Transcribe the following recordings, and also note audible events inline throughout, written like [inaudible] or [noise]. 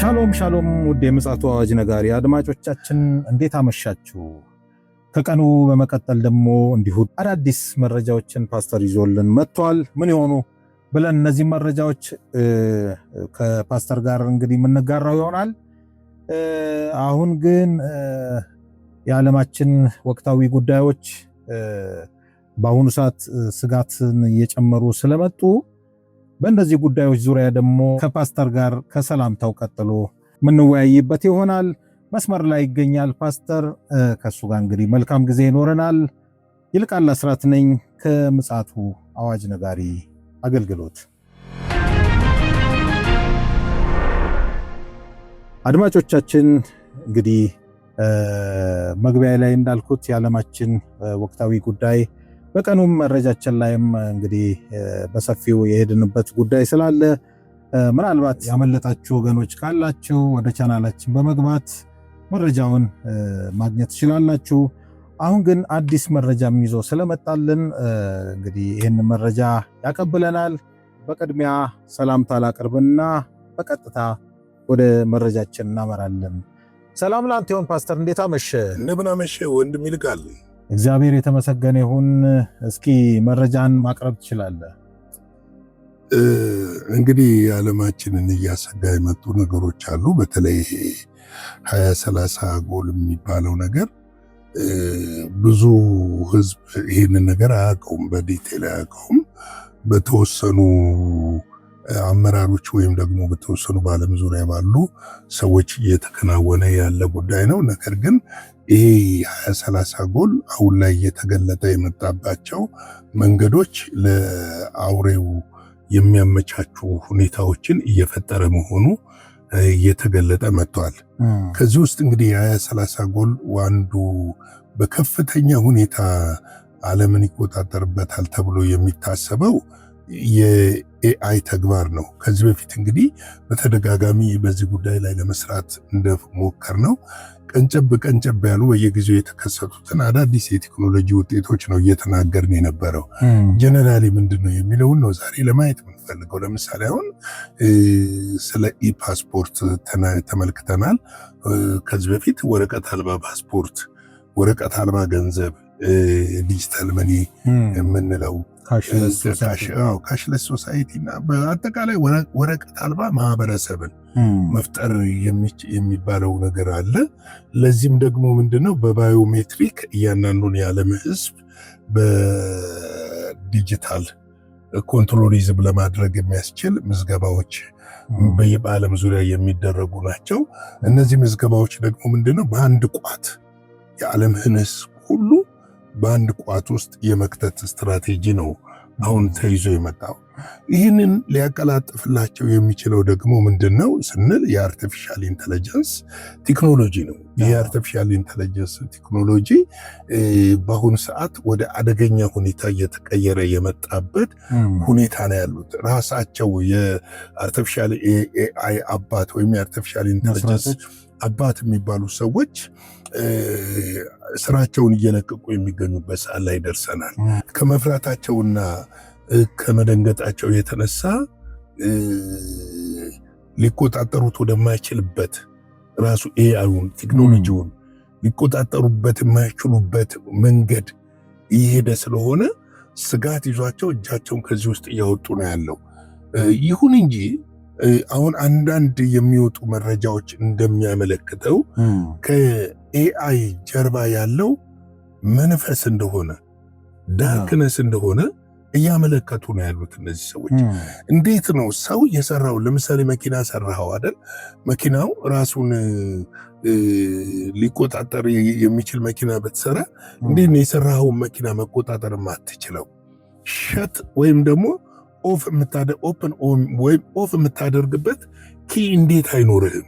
ሻሎም ሻሎም ውድ የምፅዓቱ አዋጅ ነጋሪ አድማጮቻችን እንዴት አመሻችሁ? ከቀኑ በመቀጠል ደግሞ እንዲሁ አዳዲስ መረጃዎችን ፓስተር ይዞልን መጥቷል። ምን የሆኑ ብለን እነዚህ መረጃዎች ከፓስተር ጋር እንግዲህ የምንጋራው ይሆናል። አሁን ግን የዓለማችን ወቅታዊ ጉዳዮች በአሁኑ ሰዓት ስጋትን እየጨመሩ ስለመጡ በእነዚህ ጉዳዮች ዙሪያ ደግሞ ከፓስተር ጋር ከሰላምታው ቀጥሎ የምንወያይበት ይሆናል። መስመር ላይ ይገኛል ፓስተር። ከእሱ ጋር እንግዲህ መልካም ጊዜ ይኖረናል። ይልቃል አስራት ነኝ ከምፅዓቱ አዋጅ ነጋሪ አገልግሎት። አድማጮቻችን እንግዲህ መግቢያ ላይ እንዳልኩት የዓለማችን ወቅታዊ ጉዳይ በቀኑም መረጃችን ላይም እንግዲህ በሰፊው የሄድንበት ጉዳይ ስላለ ምናልባት ያመለጣችሁ ወገኖች ካላችሁ ወደ ቻናላችን በመግባት መረጃውን ማግኘት ትችላላችሁ። አሁን ግን አዲስ መረጃም ይዞ ስለመጣልን እንግዲህ ይህን መረጃ ያቀብለናል። በቅድሚያ ሰላምታ ላቅርብና በቀጥታ ወደ መረጃችን እናመራለን። ሰላም ላንተ ይሁን ፓስተር፣ እንዴት አመሸ? እንደምን አመሸ ወንድም ይልቃል። እግዚአብሔር የተመሰገነ ይሁን። እስኪ መረጃን ማቅረብ ትችላለህ። እንግዲህ የዓለማችንን እያሰጋ የመጡ ነገሮች አሉ። በተለይ ሀያ ሰላሳ ጎል የሚባለው ነገር ብዙ ህዝብ ይህንን ነገር አያውቀውም፣ በዲቴል አያውቀውም። በተወሰኑ አመራሮች ወይም ደግሞ በተወሰኑ በዓለም ዙሪያ ባሉ ሰዎች እየተከናወነ ያለ ጉዳይ ነው። ነገር ግን ይሄ ሀያ ሰላሳ ጎል አሁን ላይ እየተገለጠ የመጣባቸው መንገዶች ለአውሬው የሚያመቻቹ ሁኔታዎችን እየፈጠረ መሆኑ እየተገለጠ መጥቷል። ከዚህ ውስጥ እንግዲህ የሀያ ሰላሳ ጎል አንዱ በከፍተኛ ሁኔታ ዓለምን ይቆጣጠርበታል ተብሎ የሚታሰበው የኤአይ ተግባር ነው። ከዚህ በፊት እንግዲህ በተደጋጋሚ በዚህ ጉዳይ ላይ ለመስራት እንደሞከር ነው ቀንጨብ ቀንጨብ ያሉ በየጊዜው የተከሰቱትን አዳዲስ የቴክኖሎጂ ውጤቶች ነው እየተናገርን የነበረው። ጀነራሊ ምንድን ነው የሚለውን ነው ዛሬ ለማየት የምንፈልገው። ለምሳሌ አሁን ስለ ኢፓስፖርት ተመልክተናል። ከዚህ በፊት ወረቀት አልባ ፓስፖርት፣ ወረቀት አልባ ገንዘብ ዲጂታል መኒ የምንለው ካሽለስ ሶሳይቲ እና በአጠቃላይ ወረቀት አልባ ማህበረሰብን መፍጠር የሚባለው ነገር አለ። ለዚህም ደግሞ ምንድነው በባዮሜትሪክ እያንዳንዱን የዓለም ህዝብ በዲጂታል ኮንትሮሊዝም ለማድረግ የሚያስችል ምዝገባዎች በዓለም ዙሪያ የሚደረጉ ናቸው። እነዚህ ምዝገባዎች ደግሞ ምንድነው በአንድ ቋት የዓለም ህዝብ ሁሉ በአንድ ቋት ውስጥ የመክተት ስትራቴጂ ነው አሁን ተይዞ የመጣው። ይህንን ሊያቀላጥፍላቸው የሚችለው ደግሞ ምንድን ነው ስንል የአርቲፊሻል ኢንተለጀንስ ቴክኖሎጂ ነው። ይህ የአርቲፊሻል ኢንተለጀንስ ቴክኖሎጂ በአሁኑ ሰዓት ወደ አደገኛ ሁኔታ እየተቀየረ የመጣበት ሁኔታ ነው ያሉት ራሳቸው የአርቲፊሻል ኤአይ አባት ወይም የአርቲፊሻል ኢንቴለጀንስ አባት የሚባሉ ሰዎች ስራቸውን እየለቀቁ የሚገኙበት ሰዓት ላይ ደርሰናል። ከመፍራታቸውና ከመደንገጣቸው የተነሳ ሊቆጣጠሩት ወደማይችልበት ራሱ ኤአዩን ቴክኖሎጂውን ሊቆጣጠሩበት የማይችሉበት መንገድ እየሄደ ስለሆነ ስጋት ይዟቸው እጃቸውን ከዚህ ውስጥ እያወጡ ነው ያለው። ይሁን እንጂ አሁን አንዳንድ የሚወጡ መረጃዎች እንደሚያመለክተው ከኤአይ ጀርባ ያለው መንፈስ እንደሆነ ዳርክነስ እንደሆነ እያመለከቱ ነው ያሉት እነዚህ ሰዎች። እንዴት ነው ሰው የሰራው? ለምሳሌ መኪና ሰራኸው አይደል? መኪናው ራሱን ሊቆጣጠር የሚችል መኪና በተሰራ እንዴት ነው የሰራኸውን መኪና መቆጣጠር ማትችለው? ሸጥ ወይም ደግሞ ኦፍ የምታደርግ ኦፕን ወይም ኦፍ የምታደርግበት ኪ እንዴት አይኖርህም?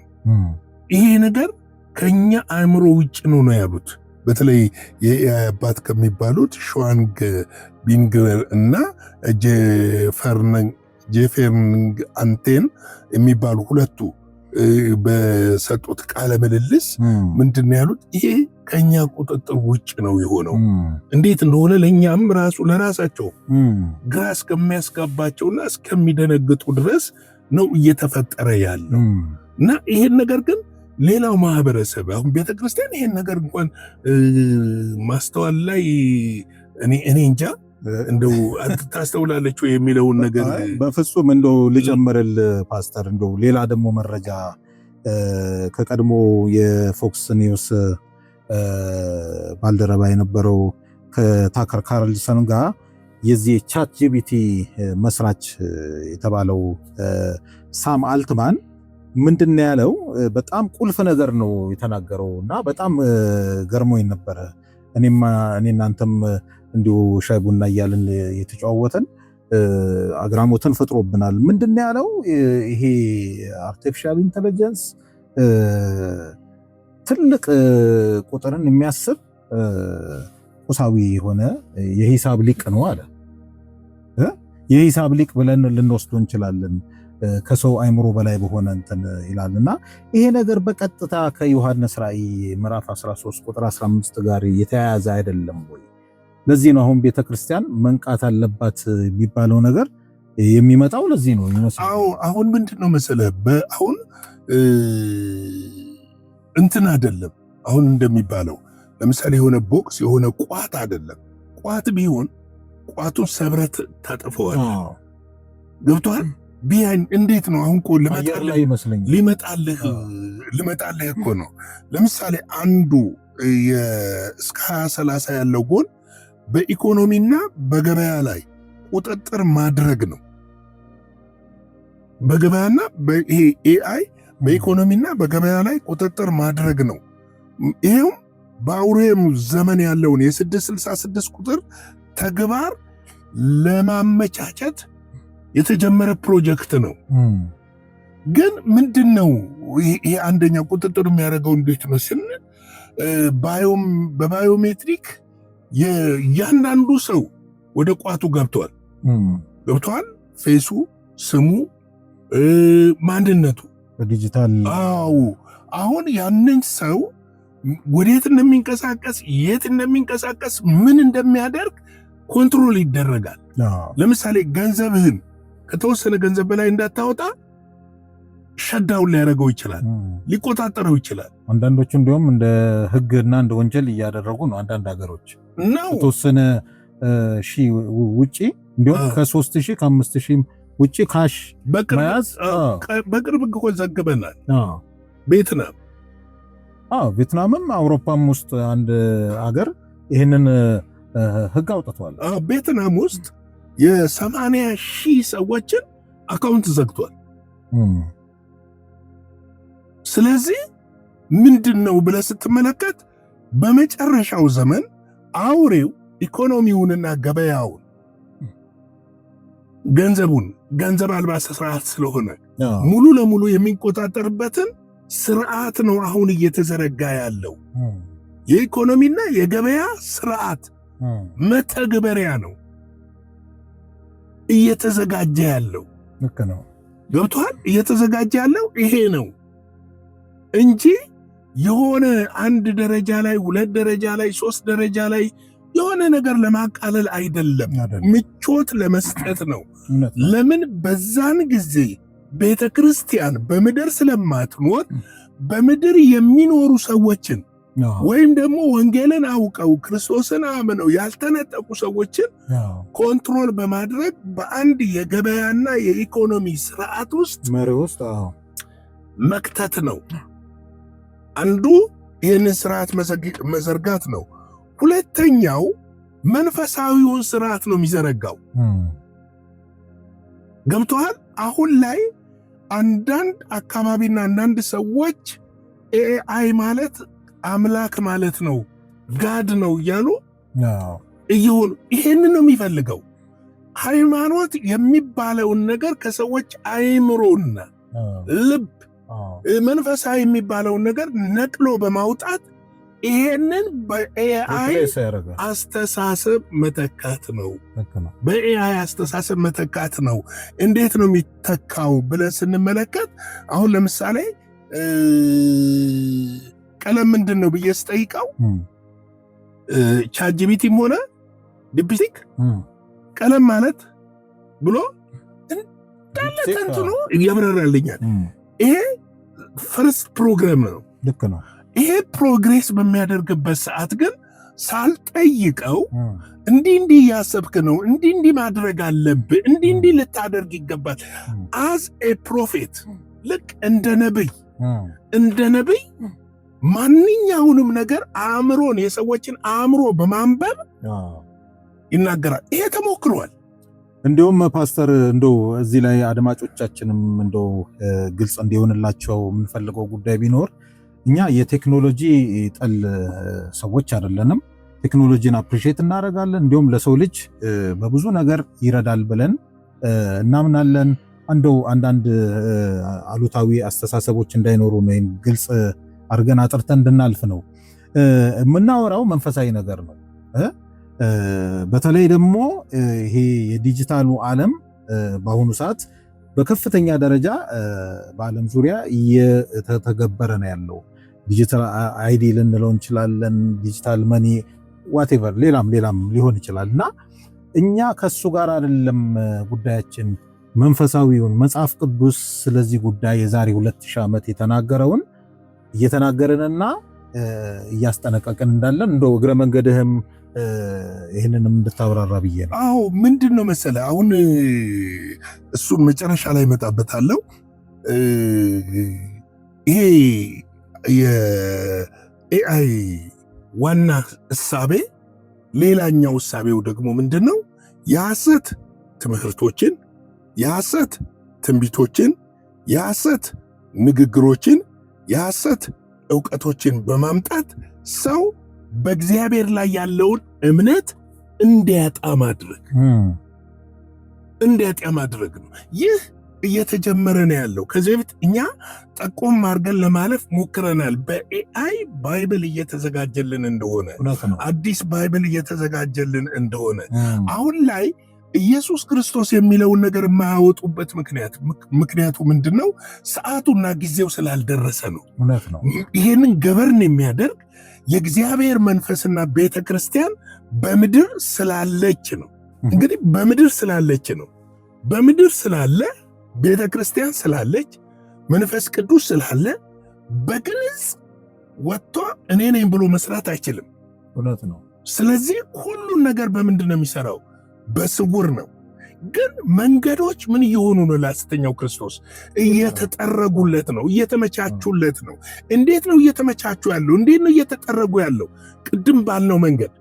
ይሄ ነገር ከኛ አእምሮ ውጭ ነው ነው ያሉት። በተለይ የኤአይ አባት ከሚባሉት ሸዋንግ ቢንግረር እና ጄፌርንግ አንቴን የሚባሉ ሁለቱ በሰጡት ቃለ ምልልስ ምንድን ያሉት? ይሄ ከኛ ቁጥጥር ውጭ ነው የሆነው። እንዴት እንደሆነ ለእኛም ራሱ ለራሳቸው ግራ እስከሚያስጋባቸውና እስከሚደነግጡ ድረስ ነው እየተፈጠረ ያለው እና ይሄን ነገር ግን ሌላው ማህበረሰብ አሁን ቤተክርስቲያን ይሄን ነገር እንኳን ማስተዋል ላይ እኔ እንጃ እንደው ታስተውላለች ወይ የሚለውን ነገር በፍጹም እንደው ልጨምርል ፓስተር፣ እንደው ሌላ ደግሞ መረጃ ከቀድሞ የፎክስ ኒውስ ባልደረባ የነበረው ከታከር ካርልሰን ጋር የዚህ ቻት ጂቢቲ መስራች የተባለው ሳም አልትማን ምንድን ነው ያለው? በጣም ቁልፍ ነገር ነው የተናገረው እና በጣም ገርሞኝ ነበረ እኔ እናንተም እንዲሁ ሻይ ቡና እያልን የተጫወተን አግራሞትን ፈጥሮብናል። ምንድን ያለው ይሄ አርቲፊሻል ኢንተለጀንስ ትልቅ ቁጥርን የሚያስብ ቁሳዊ የሆነ የሂሳብ ሊቅ ነው አለ። የሂሳብ ሊቅ ብለን ልንወስዶ እንችላለን፣ ከሰው አይምሮ በላይ በሆነ እንትን ይላል እና ይሄ ነገር በቀጥታ ከዮሐንስ ራእይ ምዕራፍ 13 ቁጥር 15 ጋር የተያያዘ አይደለም ወይ? ለዚህ ነው አሁን ቤተክርስቲያን መንቃት አለባት የሚባለው ነገር የሚመጣው ለዚህ ነው ይመስላል። አሁን ምንድን ነው መሰለ አሁን እንትን አይደለም አሁን እንደሚባለው ለምሳሌ የሆነ ቦክስ የሆነ ቋት አይደለም። ቋት ቢሆን ቋቱን ሰብረት ታጠፈዋል። ገብቶሃል? ቢያን እንዴት ነው አሁን ሊመጣልህ እኮ ነው። ለምሳሌ አንዱ እስከ ሀያ ሰላሳ ያለው ጎን በኢኮኖሚና በገበያ ላይ ቁጥጥር ማድረግ ነው። በገበያና ይሄ ኤአይ በኢኮኖሚና በገበያ ላይ ቁጥጥር ማድረግ ነው። ይሄውም በአውሬም ዘመን ያለውን የ666 ቁጥር ተግባር ለማመቻቸት የተጀመረ ፕሮጀክት ነው። ግን ምንድን ነው ይሄ አንደኛ ቁጥጥር የሚያደርገው እንዴት ነው ስንል በባዮሜትሪክ እያንዳንዱ ሰው ወደ ቋቱ ገብቷል ገብቷል። ፌሱ፣ ስሙ፣ ማንነቱ ዲጂታል። አዎ አሁን ያንን ሰው ወዴት እንደሚንቀሳቀስ የት እንደሚንቀሳቀስ ምን እንደሚያደርግ ኮንትሮል ይደረጋል። ለምሳሌ ገንዘብህን ከተወሰነ ገንዘብ በላይ እንዳታወጣ ሸዳውን ሊያደርገው ይችላል፣ ሊቆጣጠረው ይችላል። አንዳንዶቹ እንዲሁም እንደ ህግና እንደ ወንጀል እያደረጉ ነው። አንዳንድ ሀገሮች ከተወሰነ ሺህ ውጪ እንዲሁም ከሶስት ሺህ ከአምስት ሺህም ውጪ ካሽ መያዝ በቅርብ እኮ ዘግበናል። ቬትናም ቬትናምም አውሮፓም ውስጥ አንድ አገር ይህንን ህግ አውጥቷል። ቬትናም ውስጥ የሰማንያ ሺህ ሰዎችን አካውንት ዘግቷል። ስለዚህ ምንድን ነው ብለህ ስትመለከት በመጨረሻው ዘመን አውሬው ኢኮኖሚውንና ገበያውን ገንዘቡን ገንዘብ አልባሰ ስርዓት ስለሆነ ሙሉ ለሙሉ የሚቆጣጠርበትን ስርዓት ነው አሁን እየተዘረጋ ያለው። የኢኮኖሚና የገበያ ስርዓት መተግበሪያ ነው እየተዘጋጀ ያለው። ገብቶሃል? እየተዘጋጀ ያለው ይሄ ነው እንጂ የሆነ አንድ ደረጃ ላይ ሁለት ደረጃ ላይ ሶስት ደረጃ ላይ የሆነ ነገር ለማቃለል አይደለም፣ ምቾት ለመስጠት ነው። ለምን በዛን ጊዜ ቤተ ክርስቲያን በምድር ስለማትኖር በምድር የሚኖሩ ሰዎችን ወይም ደግሞ ወንጌልን አውቀው ክርስቶስን አምነው ያልተነጠቁ ሰዎችን ኮንትሮል በማድረግ በአንድ የገበያና የኢኮኖሚ ስርዓት ውስጥ መክተት ነው። አንዱ ይህንን ስርዓት መዘርጋት ነው። ሁለተኛው መንፈሳዊውን ስርዓት ነው የሚዘረጋው። ገብቶሃል? አሁን ላይ አንዳንድ አካባቢና አንዳንድ ሰዎች ኤአይ ማለት አምላክ ማለት ነው፣ ጋድ ነው እያሉ እየሆኑ ይህን ነው የሚፈልገው። ሃይማኖት የሚባለውን ነገር ከሰዎች አይምሮና ልብ መንፈሳዊ የሚባለውን ነገር ነቅሎ በማውጣት ይሄንን በኤአይ አስተሳሰብ መተካት ነው። በኤአይ አስተሳሰብ መተካት ነው። እንዴት ነው የሚተካው ብለን ስንመለከት አሁን ለምሳሌ ቀለም ምንድን ነው ብዬ ስጠይቀው ቻጅቢቲም ሆነ ዲፕሲክ ቀለም ማለት ብሎ እንዳለ ተንትኖ ያብራራልኛል። ይሄ ፈርስት ፕሮግራም ነው። ልክ ነው። ይሄ ፕሮግሬስ በሚያደርግበት ሰዓት ግን ሳልጠይቀው እንዲህ እንዲህ እያሰብክ ነው፣ እንዲህ እንዲህ ማድረግ አለብህ፣ እንዲህ እንዲህ ልታደርግ ይገባል። አዝ ኤ ፕሮፌት ልክ እንደ ነብይ እንደ ነብይ ማንኛውንም ነገር አእምሮን የሰዎችን አእምሮ በማንበብ ይናገራል። ይሄ ተሞክሯል። እንዲሁም ፓስተር እንደው እዚህ ላይ አድማጮቻችንም እንደው ግልጽ እንዲሆንላቸው የምንፈልገው ጉዳይ ቢኖር እኛ የቴክኖሎጂ ጠል ሰዎች አይደለንም። ቴክኖሎጂን አፕሪሼት እናደርጋለን። እንዲሁም ለሰው ልጅ በብዙ ነገር ይረዳል ብለን እናምናለን። እንደው አንዳንድ አሉታዊ አስተሳሰቦች እንዳይኖሩ ወይም ግልጽ አድርገን አጥርተን እንድናልፍ ነው የምናወራው መንፈሳዊ ነገር ነው። በተለይ ደግሞ ይሄ የዲጂታሉ ዓለም በአሁኑ ሰዓት በከፍተኛ ደረጃ በዓለም ዙሪያ እየተተገበረ ነው ያለው። ዲጂታል አይዲ ልንለው እንችላለን፣ ዲጂታል መኒ ዋቴቨር፣ ሌላም ሌላም ሊሆን ይችላል እና እኛ ከሱ ጋር አይደለም ጉዳያችን። መንፈሳዊውን መጽሐፍ ቅዱስ ስለዚህ ጉዳይ የዛሬ ሁለት ሺህ ዓመት የተናገረውን እየተናገረንና እያስጠነቀቅን እንዳለን እንደ እግረ መንገድህም ይህንንም እንድታብራራ ብዬ ነው። አዎ ምንድን ነው መሰለ፣ አሁን እሱን መጨረሻ ላይ እመጣበታለሁ። ይሄ የኤአይ ዋና እሳቤ፣ ሌላኛው እሳቤው ደግሞ ምንድን ነው? የሐሰት ትምህርቶችን፣ የሐሰት ትንቢቶችን፣ የሐሰት ንግግሮችን፣ የሐሰት እውቀቶችን በማምጣት ሰው በእግዚአብሔር ላይ ያለውን እምነት እንዲያጣ ማድረግ hmm. እንዲያጣ ማድረግ ነው። ይህ እየተጀመረ ነው ያለው። ከዚህ በፊት እኛ ጠቆም አድርገን ለማለፍ ሞክረናል። በኤአይ ባይብል እየተዘጋጀልን እንደሆነ አዲስ ባይብል እየተዘጋጀልን እንደሆነ hmm. አሁን ላይ ኢየሱስ ክርስቶስ የሚለውን ነገር የማያወጡበት ምክንያት ምክንያቱ ምንድን ነው? ሰዓቱና ጊዜው ስላልደረሰ ነው። ይሄንን ገበርን የሚያደርግ የእግዚአብሔር መንፈስና ቤተ ክርስቲያን በምድር ስላለች ነው። እንግዲህ በምድር ስላለች ነው። በምድር ስላለ ቤተ ክርስቲያን ስላለች መንፈስ ቅዱስ ስላለ በግልጽ ወጥቶ እኔ ነኝ ብሎ መስራት አይችልም። እውነት ነው። ስለዚህ ሁሉን ነገር በምንድን ነው የሚሰራው? በስውር ነው። ግን መንገዶች ምን እየሆኑ ነው? ለሐሰተኛው ክርስቶስ እየተጠረጉለት ነው፣ እየተመቻቹለት ነው። እንዴት ነው እየተመቻቹ ያለው? እንዴት ነው እየተጠረጉ ያለው? ቅድም ባልነው መንገድ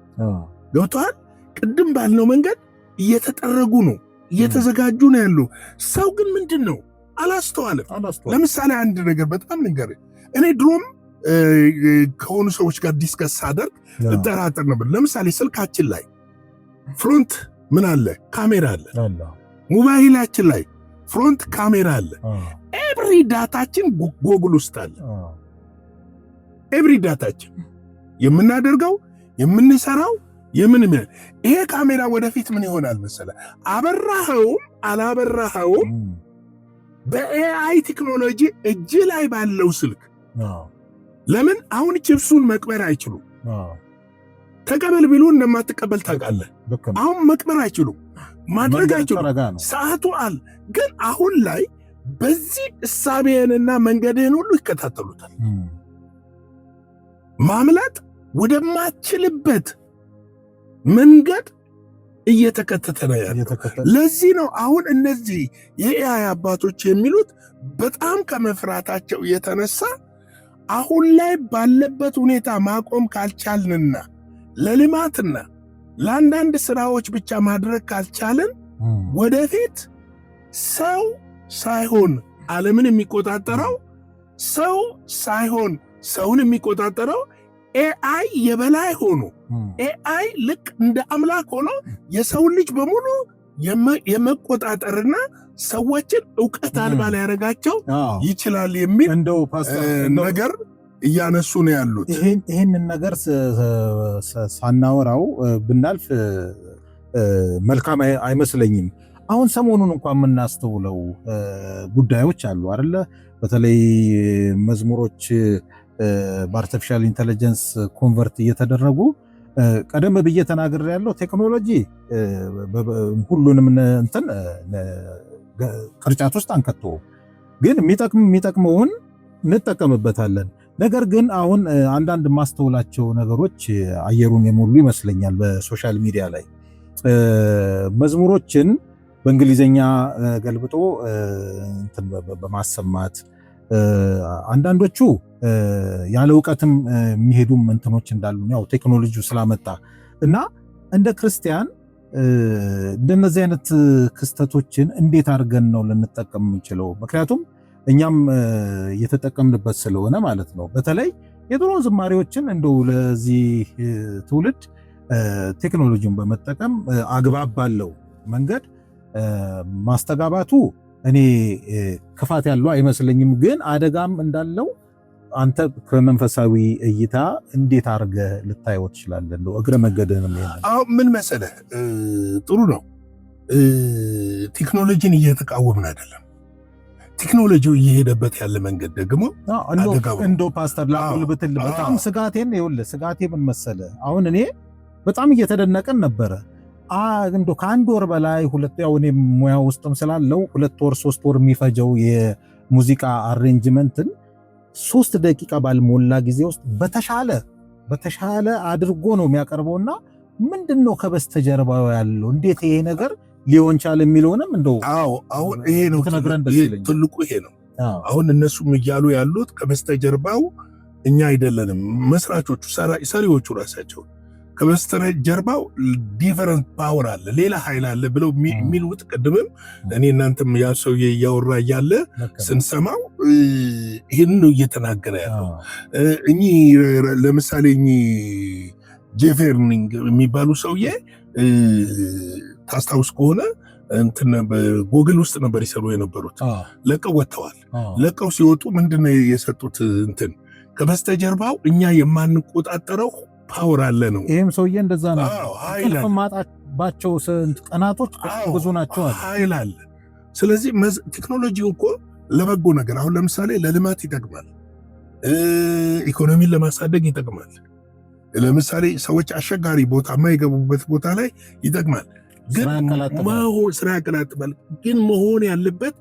ገብተዋል። ቅድም ባልነው መንገድ እየተጠረጉ ነው፣ እየተዘጋጁ ነው ያሉ። ሰው ግን ምንድን ነው አላስተዋልም። ለምሳሌ አንድ ነገር በጣም ንገር። እኔ ድሮም ከሆኑ ሰዎች ጋር ዲስከስ ሳደርግ እጠራጠር ነበር። ለምሳሌ ስልካችን ላይ ፍሮንት ምን አለ? ካሜራ አለ። ሞባይላችን ላይ ፍሮንት ካሜራ አለ። ኤብሪ ዳታችን ጎግል ውስጥ አለ። ኤብሪ ዳታችን የምናደርገው የምንሰራው የምን ይሄ ካሜራ ወደፊት ምን ይሆናል መሰለ፣ አበራኸውም አላበራኸውም በኤአይ ቴክኖሎጂ እጅ ላይ ባለው ስልክ ለምን አሁን ችፕሱን መቅበር አይችሉም? ተቀበል ቢሉ እንደማትቀበል ታውቃለህ። አሁን መቅበር አይችሉም፣ ማድረግ አይችሉም። ሰዓቱ አለ። ግን አሁን ላይ በዚህ እሳቤህንና መንገድህን ሁሉ ይከታተሉታል። ማምለጥ ወደማትችልበት መንገድ እየተከተተ ነው ያለ። ለዚህ ነው አሁን እነዚህ የኤአይ አባቶች የሚሉት በጣም ከመፍራታቸው የተነሳ አሁን ላይ ባለበት ሁኔታ ማቆም ካልቻልንና ለልማትና ለአንዳንድ ስራዎች ብቻ ማድረግ ካልቻለን ወደፊት ሰው ሳይሆን ዓለምን የሚቆጣጠረው ሰው ሳይሆን ሰውን የሚቆጣጠረው ኤአይ የበላይ ሆኖ ኤአይ ልክ እንደ አምላክ ሆኖ የሰው ልጅ በሙሉ የመቆጣጠርና ሰዎችን እውቀት አልባ ሊያደርጋቸው ይችላል የሚል ነገር እያነሱ ነው ያሉት። ይህንን ነገር ሳናወራው ብናልፍ መልካም አይመስለኝም። አሁን ሰሞኑን እንኳ የምናስተውለው ጉዳዮች አሉ አለ በተለይ መዝሙሮች በአርቲፊሻል ኢንቴሊጀንስ ኮንቨርት እየተደረጉ ቀደም ብዬ ተናግሬ ያለው ቴክኖሎጂ ሁሉንም እንትን ቅርጫት ውስጥ አንከተውም፣ ግን የሚጠቅመውን እንጠቀምበታለን። ነገር ግን አሁን አንዳንድ የማስተውላቸው ነገሮች አየሩን የሞሉ ይመስለኛል። በሶሻል ሚዲያ ላይ መዝሙሮችን በእንግሊዝኛ ገልብጦ በማሰማት አንዳንዶቹ ያለ እውቀትም የሚሄዱም እንትኖች እንዳሉ ያው ቴክኖሎጂ ስላመጣ እና እንደ ክርስቲያን እንደነዚህ አይነት ክስተቶችን እንዴት አድርገን ነው ልንጠቀም የምንችለው? ምክንያቱም እኛም የተጠቀምንበት ስለሆነ ማለት ነው። በተለይ የድሮ ዝማሬዎችን እንደው ለዚህ ትውልድ ቴክኖሎጂን በመጠቀም አግባብ ባለው መንገድ ማስተጋባቱ እኔ ክፋት ያለው አይመስለኝም። ግን አደጋም እንዳለው አንተ ከመንፈሳዊ እይታ እንዴት አድርገህ ልታየው ትችላለህ? እንደው እግረ መንገድህንም ምን መሰለህ፣ ጥሩ ነው። ቴክኖሎጂን እየተቃወምን አይደለም ቴክኖሎጂው እየሄደበት ያለ መንገድ ደግሞ እንዶ ፓስተር ላልብትል በጣም ስጋቴን ይውል ስጋቴ ምን መሰለ? አሁን እኔ በጣም እየተደነቀን ነበረ እንዶ ከአንድ ወር በላይ ሁለት ያው እኔ ሙያ ውስጥም ስላለው ሁለት ወር ሶስት ወር የሚፈጀው የሙዚቃ አሬንጅመንትን ሶስት ደቂቃ ባልሞላ ጊዜ ውስጥ በተሻለ በተሻለ አድርጎ ነው የሚያቀርበውና ምንድን ነው ከበስተጀርባው ያለው እንዴት ይሄ ነገር ሊሆን ቻለ የሚለውንም እንደው አሁን ይሄ ነው ትልቁ ይሄ ነው። አሁን እነሱም እያሉ ያሉት ከበስተጀርባው እኛ አይደለንም፣ መስራቾቹ ሰሪዎቹ ራሳቸው ከበስተጀርባው ዲፈረንት ፓወር አለ፣ ሌላ ኃይል አለ ብለው የሚሉት ቅድምም እኔ እናንተም ያ ሰውዬ እያወራ እያለ ስንሰማው ይህን ነው እየተናገረ ያለው። እኚህ ለምሳሌ እኚህ ጄፌርኒንግ የሚባሉ ሰውዬ ታስታውስ ከሆነ እንትን ውስጥ ነበር ይሰሩ የነበሩት። ለቀው ወጥተዋል። ለቀው ሲወጡ ምንድን የሰጡት? እንትን ከበስተጀርባው እኛ የማንቆጣጠረው ፓወር አለ ነው። ይህም ሰውዬ እንደዛ ነው። ማጣባቸው ቀናቶች ብዙ ናቸው። ኃይል አለ። ስለዚህ ቴክኖሎጂ እኮ ለበጎ ነገር አሁን ለምሳሌ ለልማት ይጠቅማል፣ ኢኮኖሚን ለማሳደግ ይጠቅማል። ለምሳሌ ሰዎች አስቸጋሪ ቦታ የማይገቡበት ቦታ ላይ ይጠቅማል። መሆን ስራ ያቀላጥፋል። ግን መሆን ያለበት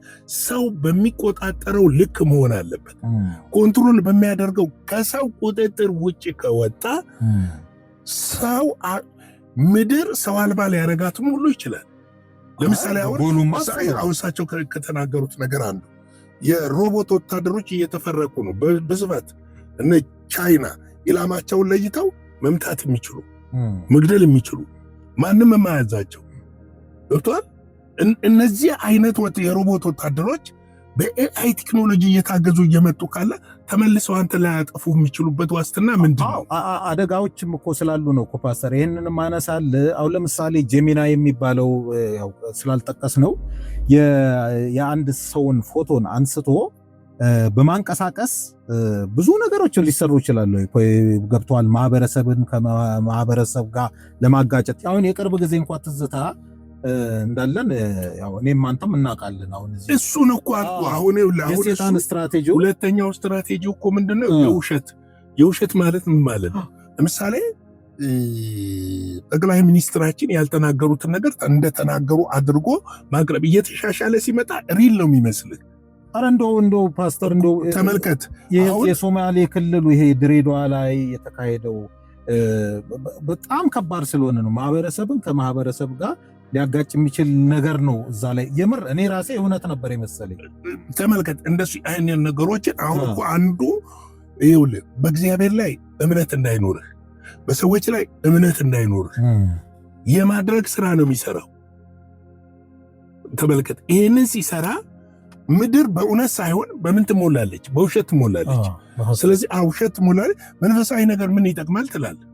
ሰው በሚቆጣጠረው ልክ መሆን አለበት። ኮንትሮል በሚያደርገው ከሰው ቁጥጥር ውጭ ከወጣ ሰው ምድር ሰው አልባ ሊያረጋትም ሁሉ ይችላል። ለምሳሌ አሁን እሳቸው ከተናገሩት ነገር አንዱ የሮቦት ወታደሮች እየተፈረቁ ነው በስፋት እነ ቻይና ኢላማቸውን ለይተው መምታት የሚችሉ መግደል የሚችሉ ማንም የማያዛቸው ገብቷል። እነዚህ አይነት የሮቦት ወታደሮች በኤአይ ቴክኖሎጂ እየታገዙ እየመጡ ካለ ተመልሰው አንተ ላያጠፉ የሚችሉበት ዋስትና ምንድን ነው? አደጋዎችም እኮ ስላሉ ነው እኮ ፓስተር፣ ይህንን ማነሳል። አሁን ለምሳሌ ጄሚና የሚባለው ስላልጠቀስ ነው የአንድ ሰውን ፎቶን አንስቶ በማንቀሳቀስ ብዙ ነገሮች ሊሰሩ ይችላሉ። ገብተዋል። ማህበረሰብን ከማህበረሰብ ጋር ለማጋጨት አሁን የቅርብ ጊዜ እንኳ ትዝታ እንዳለን ያው እኔም አንተም እናውቃለን። አሁን እሱን እኮ አሁን የሴጣን ስትራቴጂ ሁለተኛው ስትራቴጂ እኮ ምንድነው? የውሸት የውሸት ማለት ምን ማለት ነው? ለምሳሌ ጠቅላይ ሚኒስትራችን ያልተናገሩትን ነገር እንደተናገሩ አድርጎ ማቅረብ እየተሻሻለ ሲመጣ ሪል ነው የሚመስልህ። አረ እንደው እንደው ፓስተር እንደው ተመልከት፣ የሶማሌ ክልሉ ይሄ ድሬዳዋ ላይ የተካሄደው በጣም ከባድ ስለሆነ ነው ማህበረሰብን ከማህበረሰብ ጋር ሊያጋጭ የሚችል ነገር ነው። እዛ ላይ የምር እኔ ራሴ እውነት ነበር የመሰለኝ። ተመልከት፣ እንደሱ አይነት ነገሮችን አሁን እኮ አንዱ ይኸውልህ፣ በእግዚአብሔር ላይ እምነት እንዳይኖርህ፣ በሰዎች ላይ እምነት እንዳይኖርህ የማድረግ ስራ ነው የሚሰራው። ተመልከት፣ ይህንን ሲሰራ ምድር በእውነት ሳይሆን በምን ትሞላለች? በውሸት ትሞላለች። ስለዚህ ውሸት ትሞላለች። መንፈሳዊ ነገር ምን ይጠቅማል ትላለህ።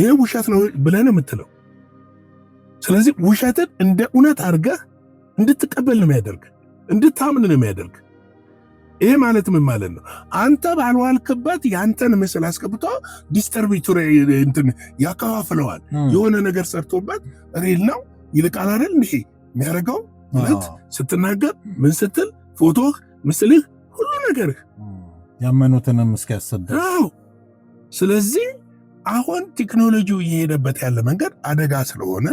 ይሄ ውሸት ነው ብለን የምትለው ስለዚህ ውሸትን እንደ እውነት አድርገህ እንድትቀበል ነው የሚያደርግ፣ እንድታምን ነው የሚያደርግ። ይሄ ማለት ምን ማለት ነው? አንተ ባልዋልክበት የአንተን ምስል አስገብቶ ዲስተርቢቱር እንትን ያከፋፍለዋል። የሆነ ነገር ሰርቶበት ሪል ነው ይልቃል አይደል? ይሄ የሚያደርገው እውነት ስትናገር፣ ምን ስትል፣ ፎቶህ፣ ምስልህ፣ ሁሉ ነገርህ ያመኑትንም እስኪያሰደ ስለዚህ አሁን ቴክኖሎጂው እየሄደበት ያለ መንገድ አደጋ ስለሆነ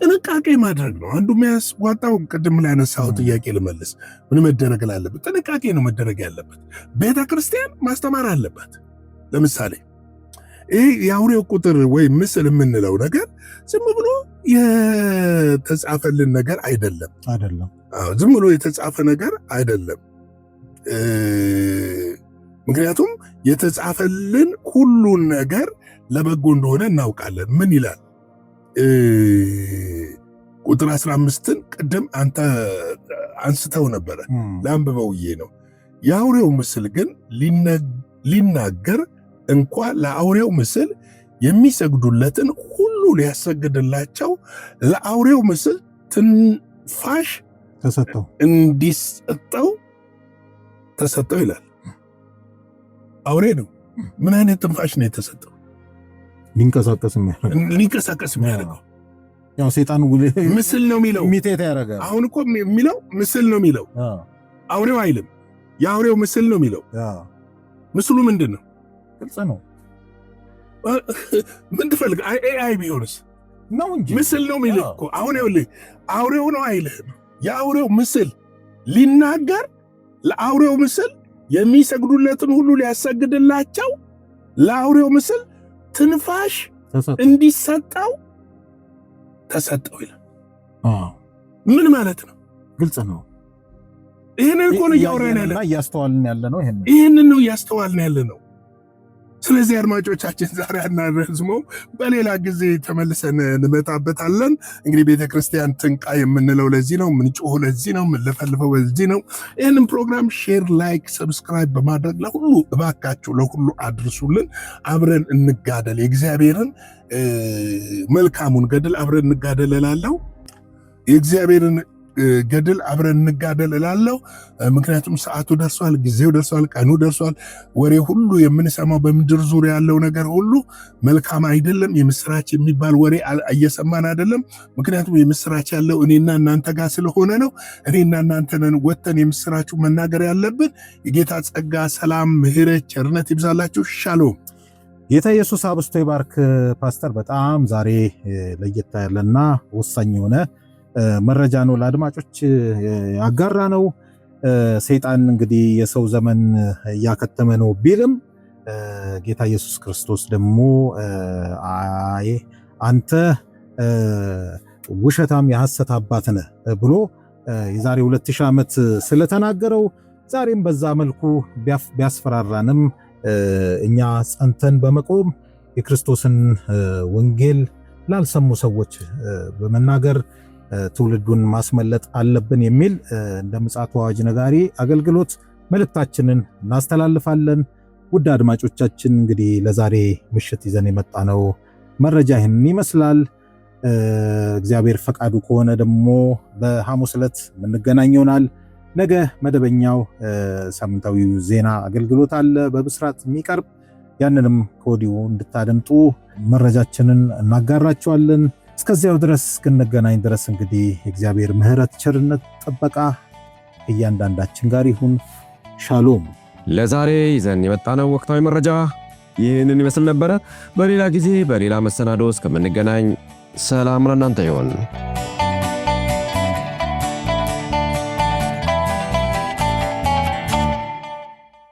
ጥንቃቄ ማድረግ ነው አንዱ የሚያስዋጣው። ቅድም ላይ ያነሳው ጥያቄ ልመልስ፣ ምን መደረግ ላለበት ጥንቃቄ ነው መደረግ ያለበት። ቤተ ክርስቲያን ማስተማር አለበት። ለምሳሌ ይህ የአውሬው ቁጥር ወይ ምስል የምንለው ነገር ዝም ብሎ የተጻፈልን ነገር አይደለም። ዝም ብሎ የተጻፈ ነገር አይደለም። ምክንያቱም የተጻፈልን ሁሉን ነገር ለበጎ እንደሆነ እናውቃለን። ምን ይላል ቁጥር 15ን ቅድም አንተ አንስተው ነበረ ለአንብበውዬ ነው። የአውሬው ምስል ግን ሊናገር እንኳ ለአውሬው ምስል የሚሰግዱለትን ሁሉ ሊያሰግድላቸው ለአውሬው ምስል ትንፋሽ ተሰጠው እንዲሰጠው ተሰጠው ይላል። አውሬ ነው። ምን አይነት ትንፋሽ ነው የተሰጠው? ሊንቀሳቀስ ሊንቀሳቀስ የሚያደርገው ያው ሴጣን [laughs] ምስል ነው የሚለው ሚቴታ ያደርጋል። አሁን እኮ የሚለው ምስል ነው የሚለው አውሬው አይልም፣ የአውሬው ምስል ነው የሚለው። ምስሉ ምንድን ነው? ግልጽ ነው። ምን ትፈልግ? ኤአይ ቢሆንስ ነው እንጂ ምስል ነው የሚልህ እኮ አሁን ይኸውልህ፣ አውሬው ነው አይልህም። የአውሬው ምስል ሊናገር ለአውሬው ምስል የሚሰግዱለትን ሁሉ ሊያሰግድላቸው ለአውሬው ምስል ትንፋሽ እንዲሰጠው ተሰጠው ይላል። ምን ማለት ነው? ግልጽ ነው። ይህንን እኮ ነው እያወራን ያለ ነው። ይህንን ነው እያስተዋልን ያለ ነው። ስለዚህ አድማጮቻችን ዛሬ አናረዝመው፣ በሌላ ጊዜ ተመልሰን እንመጣበታለን። እንግዲህ ቤተክርስቲያን ትንቃ የምንለው ለዚህ ነው፣ ምንጮሆ ለዚህ ነው፣ ምንለፈልፈው ለዚህ ነው። ይህንም ፕሮግራም ሼር፣ ላይክ፣ ሰብስክራይብ በማድረግ ለሁሉ እባካችሁ ለሁሉ አድርሱልን። አብረን እንጋደል፣ የእግዚአብሔርን መልካሙን ገድል አብረን እንጋደል እላለሁ የእግዚአብሔርን ገድል አብረን እንጋደል እላለሁ። ምክንያቱም ሰዓቱ ደርሷል፣ ጊዜው ደርሷል፣ ቀኑ ደርሷል። ወሬ ሁሉ የምንሰማው በምድር ዙሪያ ያለው ነገር ሁሉ መልካም አይደለም። የምስራች የሚባል ወሬ እየሰማን አይደለም። ምክንያቱም የምስራች ያለው እኔና እናንተ ጋር ስለሆነ ነው። እኔና እናንተ ነን ወጥተን የምስራቹ መናገር ያለብን። የጌታ ጸጋ፣ ሰላም፣ ምሕረት፣ ቸርነት ይብዛላችሁ። ሻሎም ጌታ ኢየሱስ አብስቶ ይባርክ። ፓስተር በጣም ዛሬ ለየት ያለና ወሳኝ የሆነ መረጃ ነው ለአድማጮች ያጋራ ነው። ሰይጣን እንግዲህ የሰው ዘመን እያከተመ ነው ቢልም ጌታ ኢየሱስ ክርስቶስ ደግሞ አይ አንተ ውሸታም የሐሰት አባት ነህ ብሎ የዛሬ 2000 ዓመት ስለተናገረው ዛሬም በዛ መልኩ ቢያስፈራራንም እኛ ጸንተን በመቆም የክርስቶስን ወንጌል ላልሰሙ ሰዎች በመናገር ትውልዱን ማስመለጥ አለብን የሚል እንደ ምጽአቱ አዋጅ ነጋሪ አገልግሎት መልእክታችንን እናስተላልፋለን። ውድ አድማጮቻችን እንግዲህ ለዛሬ ምሽት ይዘን የመጣ ነው መረጃ ይህንን ይመስላል። እግዚአብሔር ፈቃዱ ከሆነ ደግሞ በሐሙስ ዕለት የምንገናኝ ይሆናል። ነገ መደበኛው ሳምንታዊ ዜና አገልግሎት አለ በብስራት የሚቀርብ ያንንም ከወዲሁ እንድታደምጡ መረጃችንን እናጋራችኋለን። እስከዚያው ድረስ እስክንገናኝ ድረስ እንግዲህ የእግዚአብሔር ምሕረት፣ ቸርነት፣ ጥበቃ እያንዳንዳችን ጋር ይሁን። ሻሎም። ለዛሬ ይዘን የመጣነው ወቅታዊ መረጃ ይህንን ይመስል ነበረ። በሌላ ጊዜ በሌላ መሰናዶ እስከምንገናኝ ሰላም ለእናንተ ይሆን።